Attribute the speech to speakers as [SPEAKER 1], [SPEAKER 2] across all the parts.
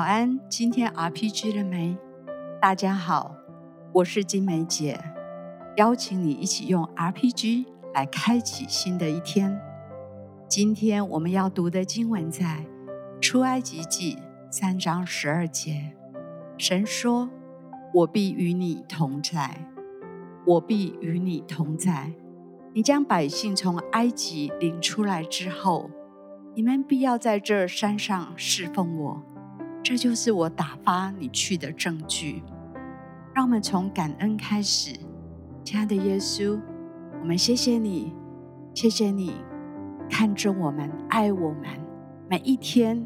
[SPEAKER 1] 早安，今天 RPG 了沒？大家好，我是晶玫姊，邀請你一起用 RPG 來開啟新的一天。今天我們要讀的經文在《出埃及記》三章十二節。神說：“我必與你同在，我必與你同在。你將百姓從埃及領出來之後，你們必要在這山上侍奉我。”這就是我打發你去的證據。讓我們從感恩開始，親愛的耶穌，我們謝謝你，謝謝你看重我們、愛我們。每一天，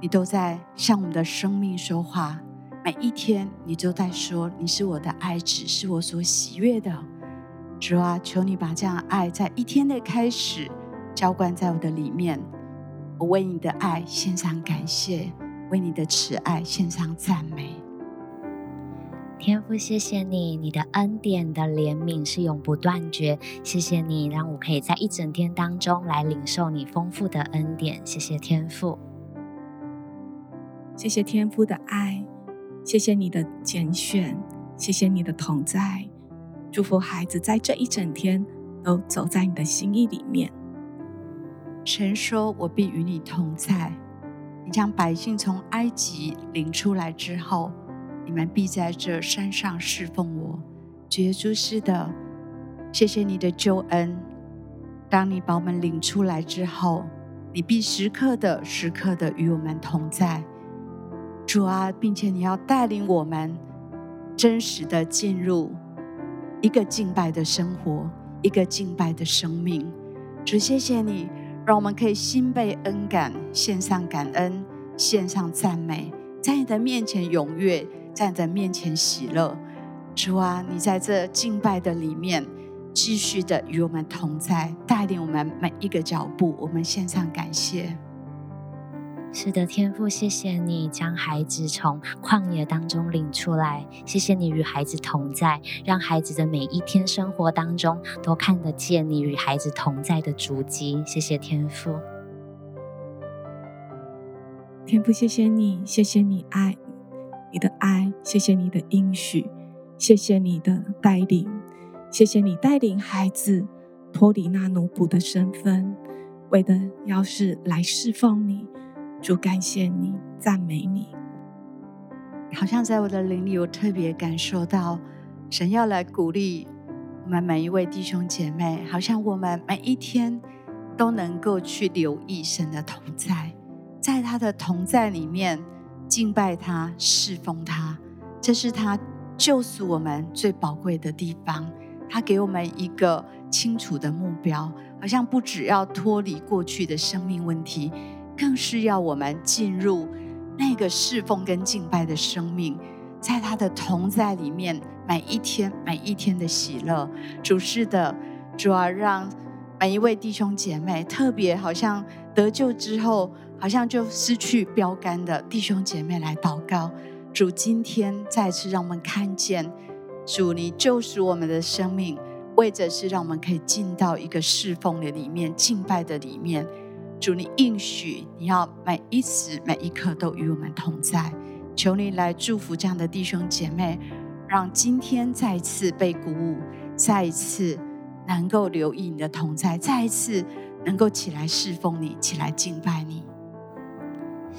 [SPEAKER 1] 你都在向我們的生命說話；每一天，你都在說你是我的愛子，是我所喜悅的。主啊，求你把這樣的愛在一天的開始澆灌在我的裡面。我為你的愛獻上感謝。為你
[SPEAKER 2] 的慈愛獻上讚美，天父，謝謝你，你的恩典的憐憫是永不斷絕。謝謝你讓我可以在一整天當中來領受你豐富的恩典。謝謝天父，
[SPEAKER 3] 謝謝天父的愛，謝謝你的揀選，謝謝你的同在，祝福孩子在這一整天都走在你的心意裡面。
[SPEAKER 1] 神說：“我必與你同在。”將百姓從埃及領出來之後，你們必在這山上事奉我。主耶穌，是的，謝謝你的救恩。當你把我們領出來之後，你必時刻的、時刻的與我們同在，主啊，並且你要帶領我們真實的進入一個敬拜的生活，一個敬拜的生命。主，謝謝你。讓我們可以心被恩感，獻上感恩，獻上讚美，在你的面前踴躍，在你的面前喜樂。主啊，你在這敬拜的裡面，繼續的與我們同在，帶領我們每一
[SPEAKER 2] 個腳步，我們獻上感謝。是的，天父，謝謝你將孩子從曠野當中領出來，謝謝你與孩子同在，讓孩子的每一天生活當中都看得見你與孩子同在的足跡。謝謝天父，
[SPEAKER 3] 天父，謝謝你，謝謝你愛，你的愛，謝謝你的應許，謝謝你的帶領，謝謝你帶領孩子脫離那奴僕的身份，為的要是來事奉你。主感謝你，讚美
[SPEAKER 1] 你。好像在我的靈裡，我特別感受到神要來鼓勵我們每一位弟兄姐妹。好像我們每一天都能夠去留意神的同在，在他的同在裡面敬拜他、侍奉他。這是他救贖我們最寶貴的地方。他給我們一個清楚的目標，好像不只要脫離過去的生命問題。更是要我們進入那個侍奉跟敬拜的生命，在他的同在裡面，每一天每一天的喜樂。主是的，主啊，讓每一位弟兄姐妹，特別好像得救之後，好像就失去標杆的弟兄姐妹來禱告。主今天再次讓我們看見，主你救贖我們的生命，為着是讓我們可以進到一個侍奉的裡面、敬拜的裡面。主，你應許你要每一時每一刻都與我們同在，求你來祝福這樣的弟兄姐妹，讓今天再一次被鼓舞，再一次能夠留意你的同在，再一次
[SPEAKER 2] 能夠起來侍奉你，起來敬拜你。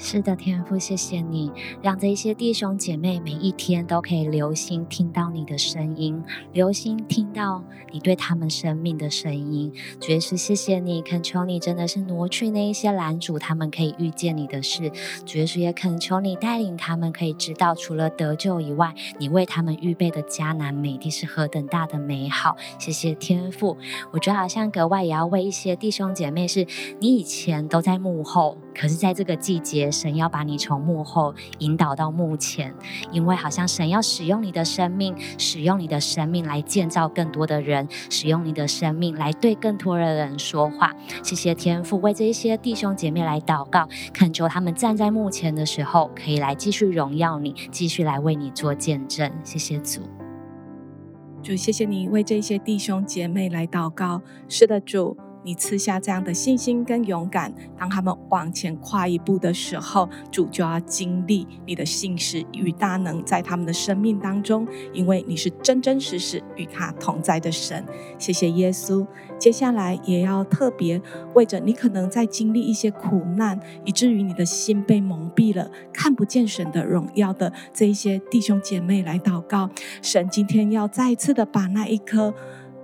[SPEAKER 2] 是的，天父，謝謝你讓這一些弟兄姐妹每一天都可以留心聽到你的聲音，留心聽到你對他們生命的聲音。主耶穌，謝謝你，懇求你真的是挪去那一些攔阻他們可以遇見你的事。主耶穌也懇求你帶領他們可以知道，除了得救以外，你為他們預備的迦南美地是何等大的美好。謝謝天父，我覺得好像格外也要為一些弟兄姐妹是，是你以前都在幕後。可是，在這個季節，神要把你從幕後引導到幕前，因為好像神要使用你的生命，使用你的生命來建造更多的人，使用你的生命來對更多的人說話。謝謝天父，為這些弟兄姐妹來禱告，懇求他們站在幕前的時候，可以來繼續榮耀你，繼續來為你做見證。謝謝主，
[SPEAKER 3] 主，謝謝你為這些弟兄姐妹來禱告。是的，主。你賜下這樣的信心跟勇敢，當他們往前跨一步的時候，主就要經歷你的信實與大能在他們的生命當中，因為你是真真實實與他同在的神。謝謝耶穌。接下來也要特別為着你可能在經歷一些苦難，以至於你的心被蒙蔽了，看不見神的榮耀的這一些弟兄姐妹來禱告。神今天要再一次的把那一顆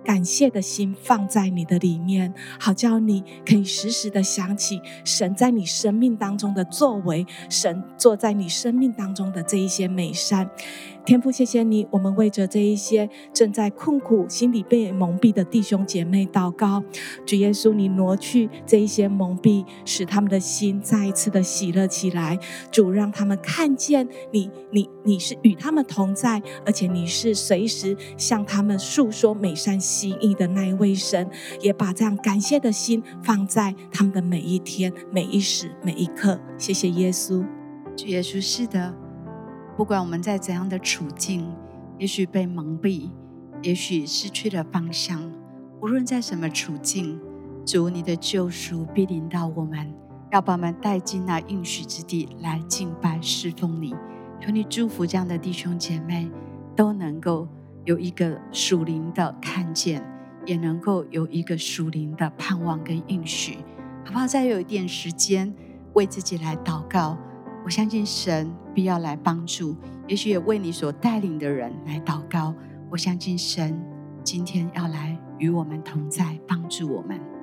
[SPEAKER 3] 感謝的心放在你的裡面，好叫你可以時時的想起神在你生命當中的作為，神坐在你生命當中的這一些美善。天父謝謝你，我們為着這一些正在困苦、心裡被蒙蔽的弟兄姐妹禱告，主耶穌，你挪去這一些蒙蔽，使他們的心再一次的喜樂起來。主，讓他們看見你，你你是與他們同在，而且你是隨時向他們訴說美善心意的那一位神。也把這樣感謝的心放在他們的每一天、每一時、每一刻。謝謝耶穌，主耶穌，
[SPEAKER 1] 是的。不管我們在怎樣的處境，也許被蒙蔽，也許失去了方向。無論在什麼處境，主你的救贖必臨到我們，要把我們帶進那應許之地來敬拜侍奉你。求你祝福這樣的弟兄姐妹，都能夠有一個屬靈的看見，也能夠有一個屬靈的盼望跟應許。好不好？再有一點時間，為自己來禱告。我相信神必要來幫助，也許也為你所帶領的人來禱告。我相信神今天要來與我們同在，幫助我們。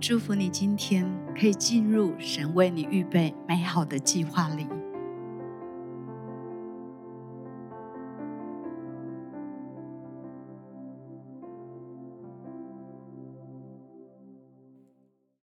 [SPEAKER 1] 祝福你今天可以進入神為你預備美好的計劃裡。